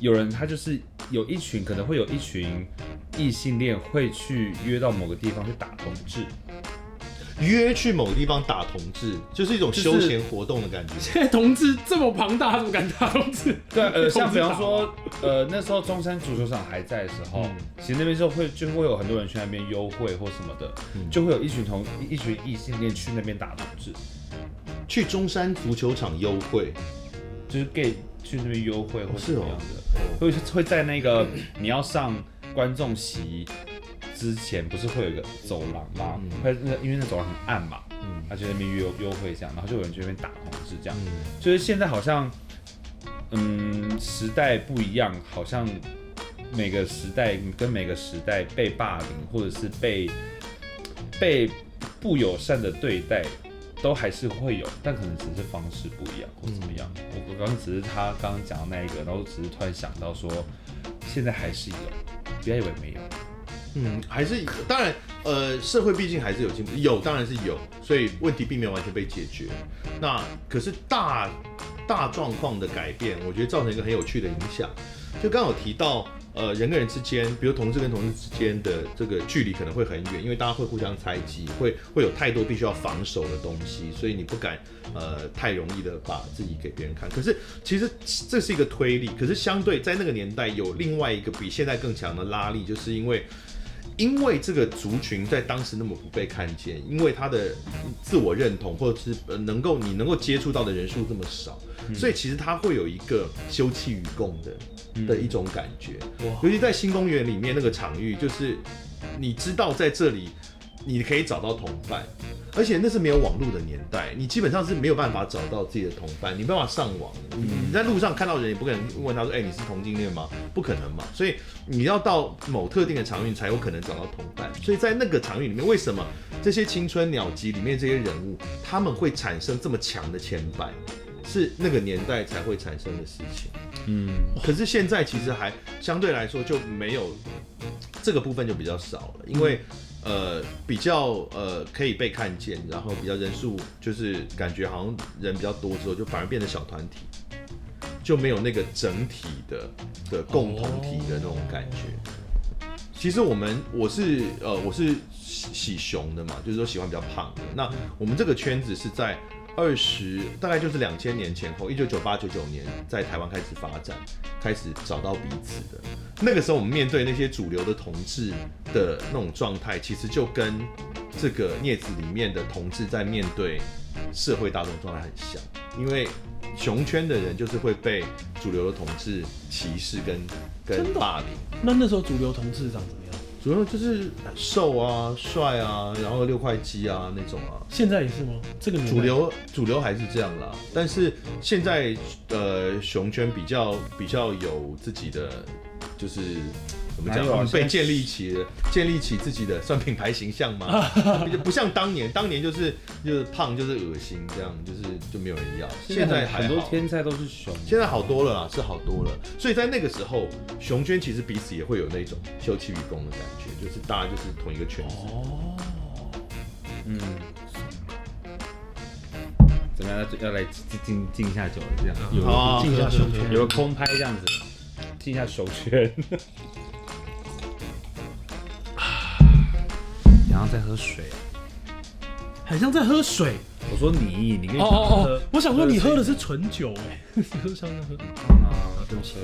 有人他就是有一群，可能會有一群異性戀會去約到某個地方去打同志，約去某個地方打同志，就是一種休閒活動的感覺，現在同志這麼龐大，他怎麼敢打同志？對，呃，像比方說，呃，那時候中山足球場還在的時候，嗯、其實那邊就會就會有很多人去那邊幽會或什麼的，嗯、就會有一群同一群異性戀去那邊打同志，去中山足球場幽會，就是 gay。去那邊約會或是怎樣的。哦哦、會會在那個你要上觀眾席之前，不是會有一個走廊嗎？嗯、因為那走廊很暗嘛，他、嗯啊、就在那邊約會，會這樣，然後就有人去那邊打紅字這樣，嗯、就是現在好像，嗯，時代不一樣，好像每個時代跟每個時代被霸凌或者是被被不友善的對待。都還是會有，但可能只是方式不一樣或怎麼樣。嗯、我我剛剛只是他剛剛講的那一個，然後只是突然想到說，現在還是有，不要以為沒有。嗯，還是當然，呃，社會畢竟還是有進步，有當然是有，所以問題並沒有完全被解決。那可是大大狀況的改變，我覺得造成一個很有趣的影響，就剛有提到。呃，人跟人之間，比如同事跟同事之間的這個距離可能會很遠，因為大家會互相猜忌，會會有太多必須要防守的東西，所以你不敢，呃，太容易的把自己給別人看。可是，其實這是一個推力，可是相對在那個年代有另外一個比現在更強的拉力，就是因為。因為這個族群在當時那麼不被看見，因為他的自我認同或者是能夠你能夠接觸到的人數這麼少，嗯、所以其實他會有一個休戚與共的的一種感覺，嗯、尤其在新公園裡面那個場域，就是你知道在這裡。你可以找到同伴，而且那是沒有網絡的年代，你基本上是沒有辦法找到自己的同伴，你沒辦法上網，嗯、你在路上看到人也不可能問他說，哎、欸，你是同性戀嗎？不可能嘛，所以你要到某特定的場域才有可能找到同伴。所以在那個場域裡面，為什麼這些青春鳥集裡面這些人物他們會產生這麼強的牽絆，是那個年代才會產生的事情。嗯，可是現在其實還相對來說就沒有這個部分就比較少了，因為，嗯呃，比較呃可以被看見，然後比較人數就是感覺好像人比較多之後，就反而變成小團體，就沒有那個整體的的共同體的那種感覺。Oh. 其實我們我是呃我是喜喜熊的嘛，就是說喜歡比較胖的。那我們這個圈子是在。二十大概就是兩千年前後，一九九八九九年在台灣開始發展，開始找到彼此的。那個時候，我們面對那些主流的同志的那種狀態，其實就跟這個孽子裡面的同志在面對社會大眾的狀態很像。因為熊圈的人就是會被主流的同志歧視跟的跟霸凌。那那時候主流同志是這樣子主要就是瘦啊、帥啊，然後六塊肌啊那種啊。現在也是嗎？這個主流主流還是這樣啦。但是現在、嗯嗯嗯嗯、呃，熊圈比較比較有自己的就是。這樣被建立起、建立起自己的算品牌形象嗎？ [laughs] 不像當年，當年就是就是胖就是噁心，這樣就是就沒有人要。現在,現在很多天菜都是熊，現在好多了啦，是好多了。所以在那個時候，熊圈其實彼此也會有那種休戚與共的感覺，就是大家就是同一個圈子。哦，嗯。怎麼樣？要來敬敬一下酒這樣有敬一、哦、下熊圈，呵呵有個空拍這樣子，敬一下熊圈。呵呵 [laughs] 好像在喝水，好像在喝水。我說你，你可以去喝，oh, oh, oh, 我想說你喝的是純酒哎、欸，好像在喝啊，對不起喝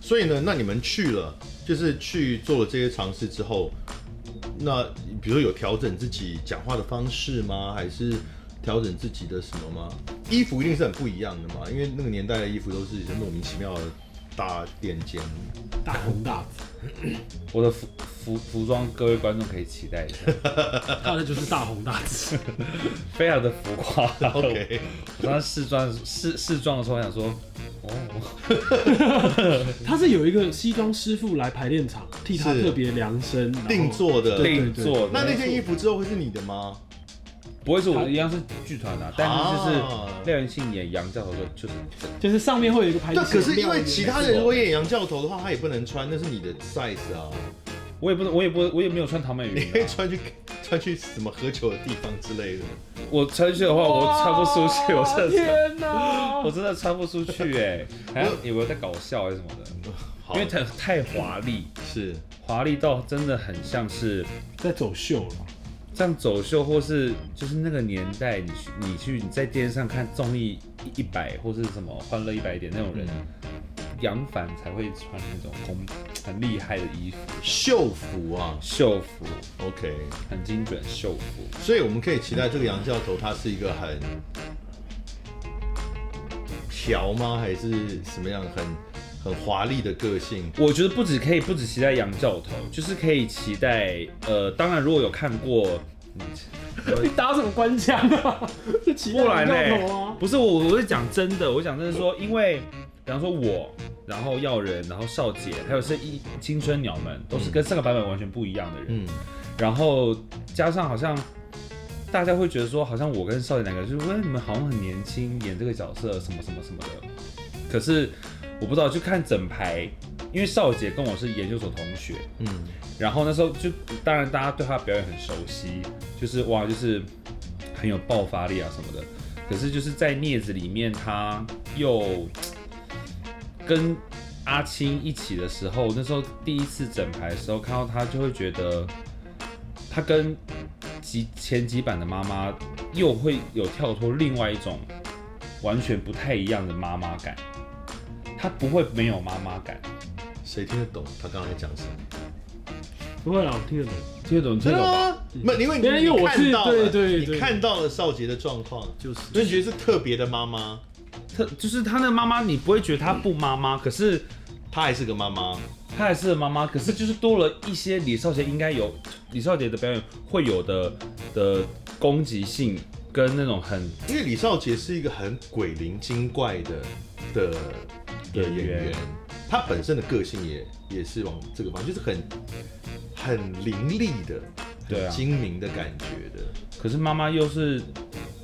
所以呢，那你們去了，就是去做了這些嘗試之後，那比如說有調整自己講話的方式嗎？還是調整自己的什麼嗎？衣服一定是很不一樣的嘛，因為那個年代的衣服都是些莫名其妙的。大墊肩，大紅大紫。我的服服服裝，各位觀眾可以期待一下， [laughs] 他的就是大紅大紫， [laughs] 非常的浮誇。OK，我剛才試裝試試裝的時候，我想說，哦， [laughs] [laughs] 他是有一個西裝師傅來排練場替他特別量身是後定做的。對對對，定做的。那那件衣服之後會是你的嗎？不會是我，一樣是劇團的，但是就是廖原慶演楊教頭的就是，就是上面會有一個拍子。可是因為其他人如果演楊教頭的話，他也不能穿，那是你的 size 啊。我也不能，我也不，我也沒有穿唐曼雲。你可以穿去穿去什麼喝酒的地方之類的。我穿去的話，我穿不出去，我這天哪，我真的穿不出去哎！還有有沒有在搞笑還是什麼的？因為太太華麗，是華麗到真的很像是在走秀了像走秀，或是就是那個年代，你去你去你在電視上看綜藝一百，或是什麼歡樂一百點那種人，楊凡、嗯、才會穿那種紅很厲害的衣服，秀服啊，秀服，OK，很精準秀服，所以我們可以期待這個楊教頭他是一個很樸嗎，還是什麼樣很？很華麗的個性，我覺得不止可以，不止期待楊教頭，就是可以期待。呃，當然如果有看過，你你 [laughs] 你打什麼關卡？不然咧！不是我，我是講真的，我講真的說，因為比方說我，然後耀仁，然後少姐，還有是一青春鳥們，都是跟上個版本完全不一樣的人。嗯、然後加上好像大家會覺得說，好像我跟少姐兩個，就是問、哎、你們好像很年輕，演這個角色什麼什麼什麼的，可是。我不知道，就看整排，因為少杰跟我是研究所同學，嗯，然後那時候就，當然大家對他表演很熟悉，就是哇，就是很有爆發力啊什麼的。可是就是在孽子裡面，他又跟阿青一起的時候，那時候第一次整排的時候看到他，就會覺得他跟幾前幾版的媽媽又會有跳脫另外一種完全不太一樣的媽媽感。他不會沒有媽媽感，誰聽得懂？他剛才講什麼？不會啊，我聽得懂，聽得懂，聽得懂嗎？沒，因為你因為我你看到了，對對對對，你看到了少杰的狀況，就是所以覺得是特別的媽媽。特就是他的媽媽，你不會覺得他不媽媽，可是他還是個媽媽，他還是個媽媽，可是就是多了一些李少杰應該有李少杰的表演會有的的攻擊性跟那種很，因為李少杰是一個很鬼靈精怪的的。對，演員，演員他本身的個性也、嗯、也是往這個方向，就是很很凌厲的，很精明的感覺的。啊、可是媽媽又是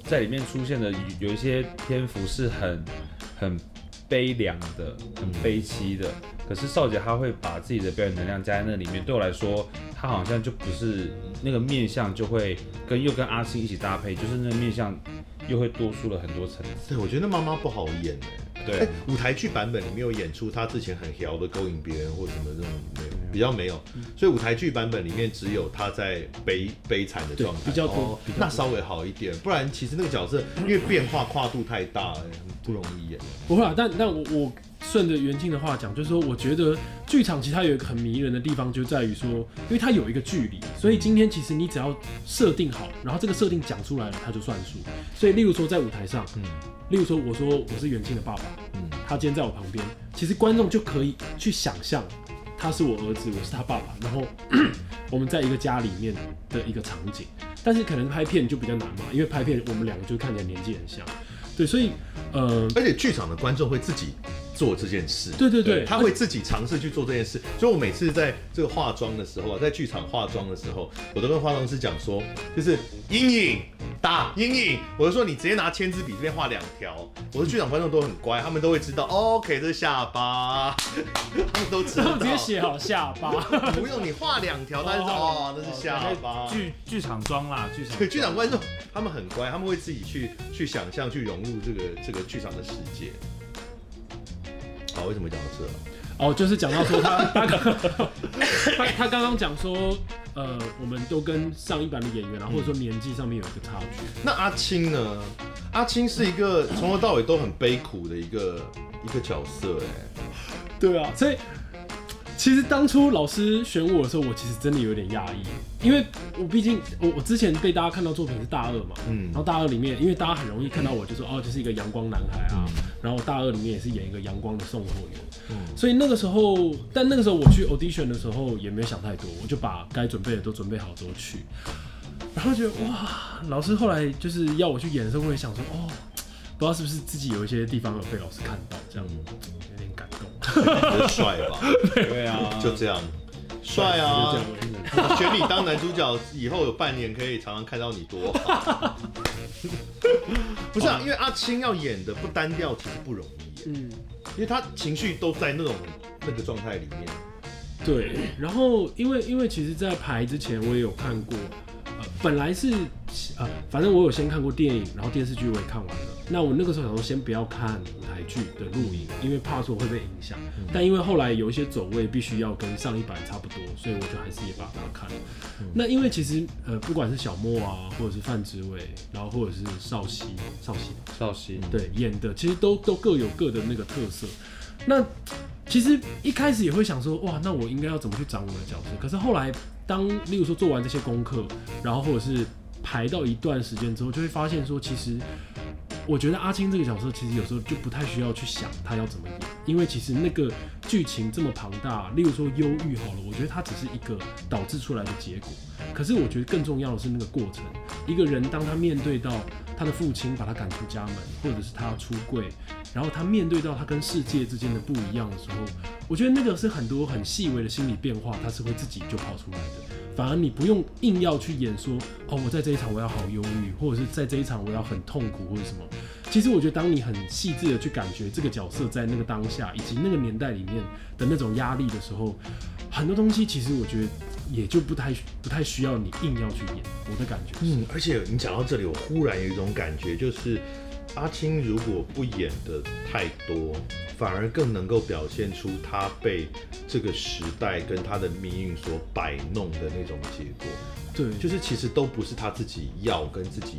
在裡面出現的，有一些篇幅是很很悲涼的，很悲淒的。嗯、可是邵杰他會把自己的表演能量加在那裡面，對我來說，他好像就不是那個面相，就會跟又跟阿星一起搭配，就是那個面相又會多出了很多層次。對，我覺得媽媽不好演、欸。對，嗯、舞台劇版本裡面有演出，他之前很屌的勾引別人或什麼的這種沒有，比較沒有，嗯、所以舞台劇版本裡面只有他在悲悲慘的狀態比較多，比較多。哦，那稍微好一點，不然其實那個角色因為變化跨度太大、欸，不容易演。不會啊，但但我我。順着原慶的話講，就是說，我覺得劇場其實它有一個很迷人的地方，就在於說，因為它有一個距離，所以今天其實你只要設定好，然後這個設定講出來了，它就算數。所以，例如說在舞台上，嗯，例如說我說我是原慶的爸爸，嗯，他今天在我旁邊，其實觀眾就可以去想象他是我兒子，我是他爸爸，然後我們在一個家裡面的一個場景。但是可能拍片就比較難嘛，因為拍片我們兩個就看起來年紀很像，對，所以呃，而且劇場的觀眾會自己。做這件事，對對對，對，他會自己嘗試去做這件事。欸、所以我每次在這個化妝的時候啊，在劇場化妝的時候，我都跟化妝師講說，就是陰影打陰影，我就說你直接拿簽字筆這邊畫兩條。我的劇場觀眾都很乖，他們都會知道、嗯、，OK，這是下巴， [laughs] 他們都知道。他們直接寫好下巴， [laughs] 不用你畫兩條，哦、但是哦，那是下巴。劇劇、哦 okay, 劇場妝啦，劇場劇場觀眾他們很乖，他們會自己去去想象，去融入這個這個劇場的世界。為什麼講到這？哦，就是講到說他，他剛剛 [laughs] 他剛剛講說，呃，我們都跟上一版的演員，然後或者說年紀上面有一個差距。嗯。那阿青呢？阿青是一個從頭到尾都很悲苦的一個 [coughs] 一個角色欸，哎，對啊，所以。其實當初老師選我的時候，我其實真的有點訝異，因為我畢竟我我之前被大家看到作品是大二嘛，嗯、然後大二裡面，因為大家很容易看到我就，哦，就說哦，這是一個陽光男孩啊，嗯、然後大二裡面也是演一個陽光的送貨員，嗯、所以那個時候，但那個時候我去 audition 的時候也沒有想太多，我就把該準備的都準備好之後去，然後覺得哇，老師後來就是要我去演的時候，我也想說哦，不知道是不是自己有一些地方有被老師看到這樣。很帥吧？ [laughs] 對啊，就這樣，帥對啊！選、嗯、你當男主角以後有半年可以常常看到你，多好！ [laughs] [laughs] 不是啊，哇因為阿青要演的不單調，其實不容易演。嗯，因為他情緒都在那種那個狀態裡面。對，然後因為因為其實，在排之前我也有看過。本來是呃，反正我有先看過電影，然後電視劇我也看完了。那我那個時候想說先不要看舞台劇的錄影，嗯、因為怕說會被影響。嗯、但因為後來有一些走位必須要跟上一版差不多，所以我就還是也把它看了。嗯、那因為其實呃，不管是小莫啊，或者是范植偉，然後或者是邵昕、邵昕、邵昕，嗯、對，演的其實都都各有各的那個特色。那其實一開始也會想說哇，那我應該要怎麼去掌握我的角色？可是後來。當例如說做完這些功課，然後或者是排到一段時間之後，就會發現說，其實我覺得阿青這個角色，其實有時候就不太需要去想他要怎麼演，因為其實那個劇情這麼龐大，例如說憂鬱好了，我覺得它只是一個導致出來的結果。可是我覺得更重要的是那個過程，一個人當他面對到。他的父親把他趕出家門，或者是他出櫃，然後他面對到他跟世界之間的不一樣的時候，我覺得那個是很多很細微的心理變化，他是會自己就跑出來的。反而你不用硬要去演說，哦，我在這一場我要好憂鬱，或者是在這一場我要很痛苦或者什麼。其實我覺得，當你很細緻的去感覺這個角色在那個當下以及那個年代裡面的那種壓力的時候，很多東西其實我覺得。也就不太不太需要你硬要去演，我的感覺是。嗯，而且你講到這裡，我忽然有一種感覺，就是阿青如果不演得太多，反而更能夠表現出他被這個時代跟他的命運所擺弄的那種結果。對，就是其實都不是他自己要跟自己。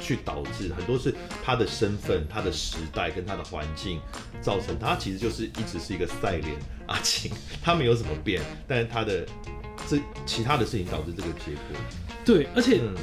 去導致很多是他的身份、他的時代跟他的環境，造成他其實就是一直是一個賽臉阿晴，他沒有怎麼變，但是他的這其他的事情導致這個結果。對，而且。嗯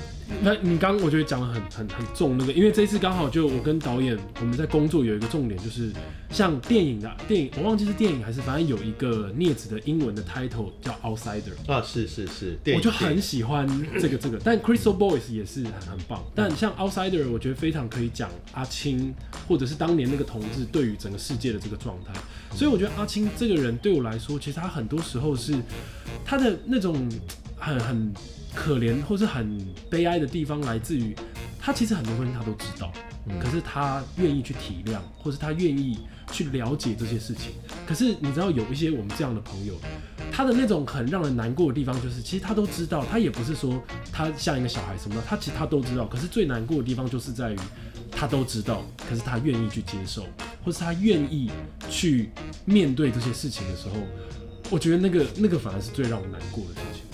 那你剛我覺得講得很很很重那個，因為這一次剛好就我跟導演我們在工作有一個重點，就是像電影的電影，我忘記是電影還是反正有一個孽子的英文的 title 叫《Outsider》啊，是是是，我就很喜歡這個這個，但 Crystal Boys 也是很很棒，但像《Outsider》我覺得非常可以講阿青或者是當年那個同志對於整個世界的這個狀態，所以我覺得阿青這個人對我來說，其實他很多時候是他的那種很很。可憐或是很悲哀的地方，來自於他其實很多東西他都知道，可是他願意去體諒，或是他願意去了解這些事情。可是你知道，有一些我們這樣的朋友，他的那種很讓人難過的地方，就是其實他都知道，他也不是說他像一個小孩什麼的，他其實他都知道。可是最難過的地方，就是在於他都知道，可是他願意去接受，或是他願意去面對這些事情的時候，我覺得那個那個反而是最讓我難過的事情。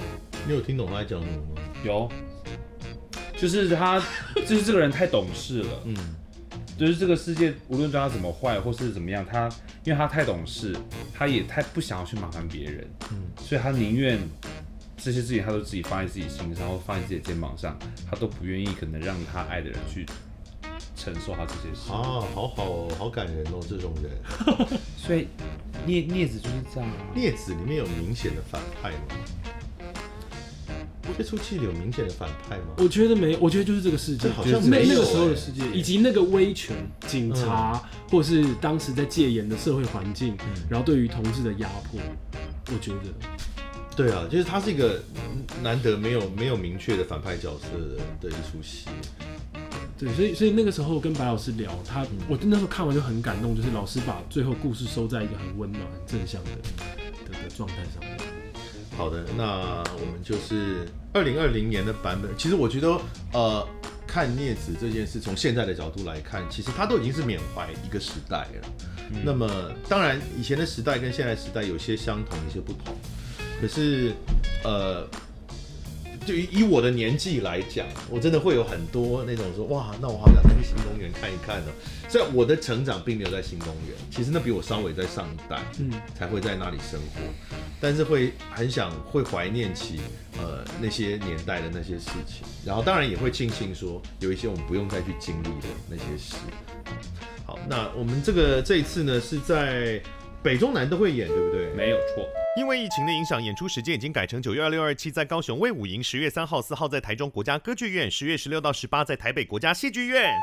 你有聽懂他在講什麼嗎？有，就是他，就是這個人太懂事了。嗯， [laughs] 就是這個世界無論對他怎麼壞或是怎麼樣，他因為他太懂事，他也太不想要去麻煩別人。嗯，所以他寧願這些事情他都自己放在自己心上，或放在自己的肩膀上，他都不願意可能讓他愛的人去承受他這些事。啊，好好哦，好感人哦，這種人。 [laughs] 所以《孽子》就是這樣啊。《孽子》裡面有明顯的反派嗎？這出戲裡有明顯的反派嗎？我覺得沒，我覺得就是這個世界，啊、好像是沒那,那個時候的世界，對以及那個威權、嗯、警察，嗯、或是當時在戒嚴的社會環境，嗯、然後對於同志的壓迫，我覺得，對啊，就是他是一個難得沒有沒有明確的反派角色的一出戲，對，所以所以那個時候跟白老師聊，他、嗯、我那時候看完就很感動，就是老師把最後故事收在一個很溫暖、很正向的的的狀態上面。好的，那我們就是二零二零年的版本。其實我覺得，呃，看孽子這件事，從現在的角度來看，其實它都已經是緬懷一個時代了。嗯、那麼，當然以前的時代跟現在時代有些相同，有些不同。可是，呃。就以我的年紀來講，我真的會有很多那種說哇，那我好想再去新公園看一看呢、喔。雖然我的成長並沒有在新公園，其實那比我稍微在上一代，嗯，才會在那裡生活，但是會很想會懷念起呃那些年代的那些事情，然後當然也會慶幸說有一些我們不用再去經歷的那些事。好，那我們這個、嗯、這一次呢是在北中南都會演，對不對？沒有錯。因為疫情的影響，演出時間已經改成九月二六、二七在高雄衛武營，十月三號、四號在台中國家歌劇院，十月十六到十八在台北國家戲劇院。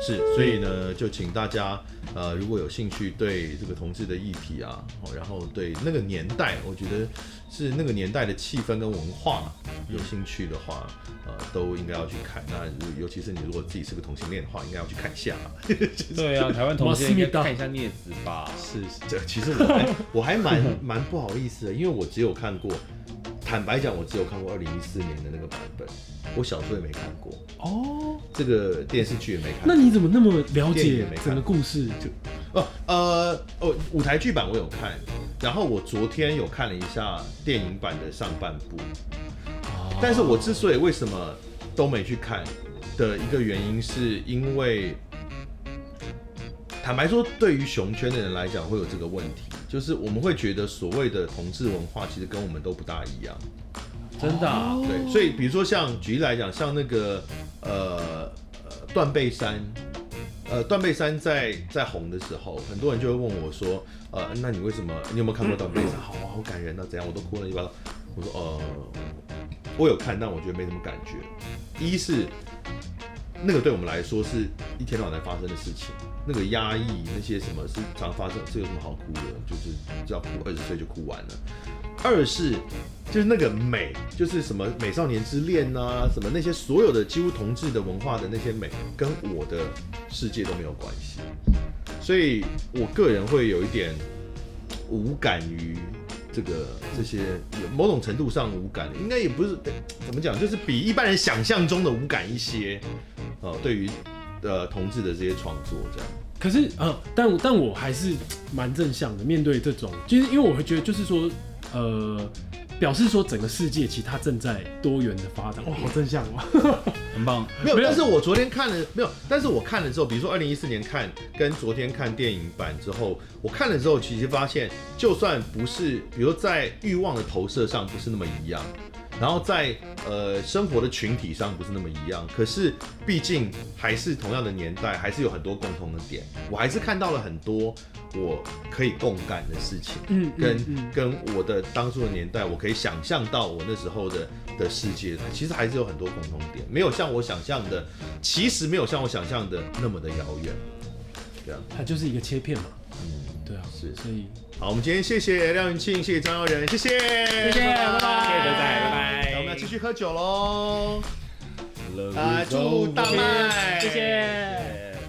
是，所以呢，就請大家，呃，如果有興趣對這個同志的議題啊、喔，然後對那個年代，我覺得是那個年代的氣氛跟文化有興趣的話，呃、都應該要去看。那尤其是你如果自己是個同性戀的話，應該要去看一下、 [laughs] 就是、對啊，台灣同性戀應該看一下《孽子》吧。是，這其實我還我還蠻蠻 [laughs] 不好意思的，因為我只有看過，坦白講，我只有看過二零一四年的那個版本，我小時候也沒看過哦。Oh! 這個電視劇也沒看。那你怎麼那麼了解也沒看整個故事？就哦，呃，哦，舞台劇版我有看，然後我昨天有看了一下電影版的上半部。Oh. 但是我之所以為什麼都沒去看的一個原因，是因為坦白說，對於熊圈的人來講，會有這個問題，就是我們會覺得所謂的同志文化，其實跟我們都不大一樣。真的，對，所以比如說像舉例來講，像那個。呃，斷背山，呃，斷背山在在紅的時候，很多人就會問我說，呃，那你為什麼？你有沒有看過斷背山？好好感人啊！怎樣？我都哭了。一般我說，呃，我有看，但我覺得沒什麼感覺。一是那個對我們來說是一天到晚在發生的事情，那個壓抑那些什麼是常發生，這有什麼好哭的？就是只要哭二十歲就哭完了。二是，就是那個美，就是什麼美少年之戀啊，什麼那些所有的幾乎同志的文化的那些美，跟我的世界都沒有關係，所以我個人會有一點無感於這個這些，有某種程度上無感，應該也不是怎麼講，就是比一般人想象中的無感一些，呃，對於呃同志的這些創作這樣。可是，呃，嗯，但但我還是蠻正向的，面對這種，其實因為我會覺得，就是說，呃，表示說整個世界，其他正在多元的發展，哇，好正向哦， [laughs] 很棒。沒有，沒有但是我昨天看了，沒有，但是我看了之後，比如說二零一四年看跟昨天看電影版之後，我看了之後，其實發現，就算不是，比如在欲望的投射上不是那麼一樣。然後在呃生活的群體上不是那麼一樣，可是畢竟還是同樣的年代，還是有很多共同的點。我還是看到了很多我可以共感的事情，嗯，跟嗯嗯跟我的當初的年代，我可以想象到我那時候的的世界，其實還是有很多共同點，沒有像我想象的，其實沒有像我想象的那麼的遙遠。對啊，它就是一個切片嘛，嗯，對啊，是所以。好，我們今天謝謝廖原慶，謝謝張耀仁，謝謝，謝謝，拜拜，謝謝大家，拜拜。我們要繼續喝酒嘍。啊、so 呃，祝大賣，謝謝。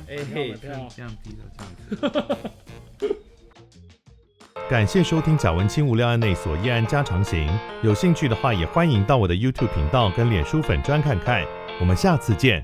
哎嘿，這樣低的唱。 [laughs] 感謝收聽賈文青無聊案內所一案家常型，有興趣的話也歡迎到我的 YouTube 頻道跟臉書粉專看看。我們下次見。